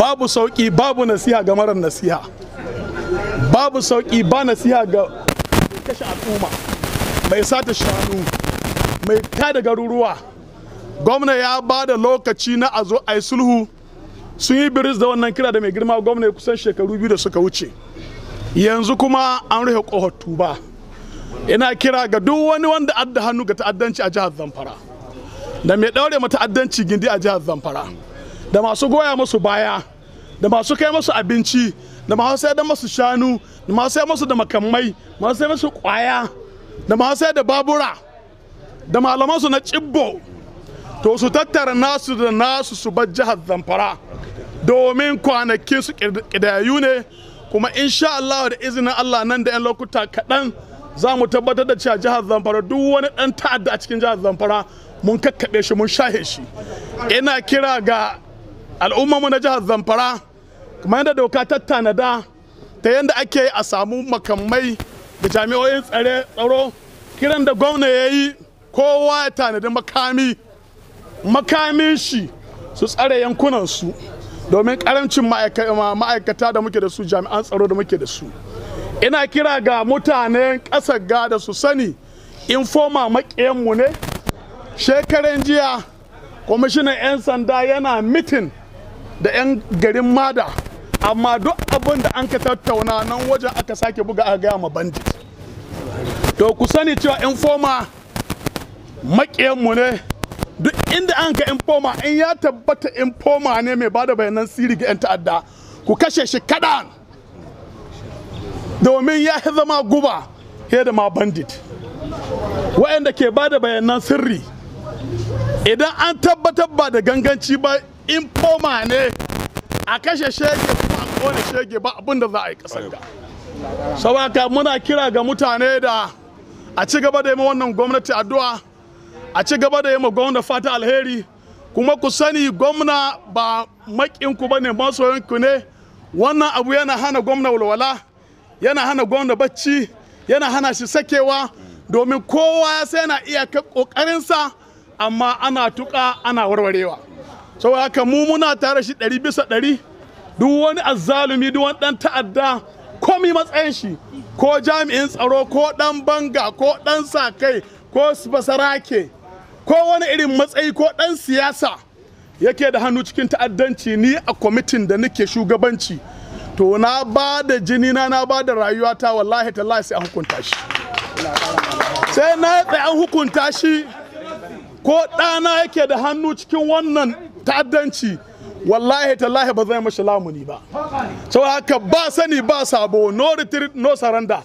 babu sauƙi babu nasiha ga marar nasiha babu sauƙi ba nasiha ga kashe al'umma mai sata shanu mai da garuruwa gwamna ya ba da lokaci na a zo a yi sulhu sun yi biris da wannan kira da mai girma gwamna ya kusan shekaru biyu da suka wuce yanzu kuma an rufe kohar tuba ina kira ga duk wani wanda adda hannu ga ta'addanci a jihar zamfara da mai daure ma ta'addanci gindi a jihar zamfara da masu goya musu baya da masu kai musu abinci da masu sai da musu shanu da masu sai musu da makamai masu sai musu kwaya da masu sai da babura da malamansu na cibbo to su tattara nasu da nasu su bar jihar zamfara domin kwanakin su kidayu ne kuma insha Allah da izinin Allah nan da 'yan lokuta kaɗan za mu tabbatar da cewa jihar zamfara duk wani ɗan ta'adda a cikin jihar zamfara mun kakkaɓe shi mun shahe shi ina kira ga al'ummarmu na jihar zamfara kuma yadda doka ta tanada ta yadda ake a samu makamai da jami'o'in tsare tsaro kiran da gwamna ya yi kowa ya tanadi makami makamin shi su tsare yankunansu domin karancin ma'aikata da muke da su jami'an tsaro da muke da su ina kira ga mutanen ƙasar gada su sani in informa maƙiyanmu ne shekaran jiya kwamishinan 'yan sanda yana mitin da 'yan garin mada amma duk abin da an ka tattauna nan wajen aka sake buga a gaya ma bandit to ku sani cewa informa maƙiyanmu ne duk inda an ka informa in ya tabbata informa ne mai bada bayanan sirri ga 'yan ta'adda ku kashe shi kaɗan domin ya zama guba ya da ma bandit waɗanda ke bada bayanan sirri idan an tabbatar ba da ganganci ba In infoma ne a kashe shege kuma a kone shege ba abin da za a yi kasar ga saboda muna kira ga mutane da a ci gaba da yi wannan gwamnati addu'a a ci gaba da yi gwamnati fata alheri kuma ku sani gwamna ba makinku ba ne masoyinku ne wannan abu yana hana gwamna walwala yana hana gwamna bacci yana hana shi sakewa domin kowa ya sai yana iya kokarinsa amma ana tuƙa ana warwarewa sau haka mu muna tare shi ɗari bisa ɗari duk wani azzalumi duk wani ɗan ta'adda komi matsayin shi ko jami'in tsaro ko ɗan banga ko ɗan sa kai ko basarake ko wani irin matsayi ko ɗan siyasa yake da hannu cikin ta'addanci ni a kwamitin da nake shugabanci to na ba da jini na na ba da rayuwata wallahi tallahi sai an hukunta shi sai na tsaye an hukunta shi ko ɗana yake da hannu cikin wannan ta'addanci wallahi tallahi ba zai mashi lamuni ba so haka ba sani ba sabo no retreat no surrender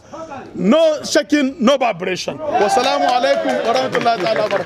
no shaking no vibration wassalamu alaikum warahmatullahi ta'ala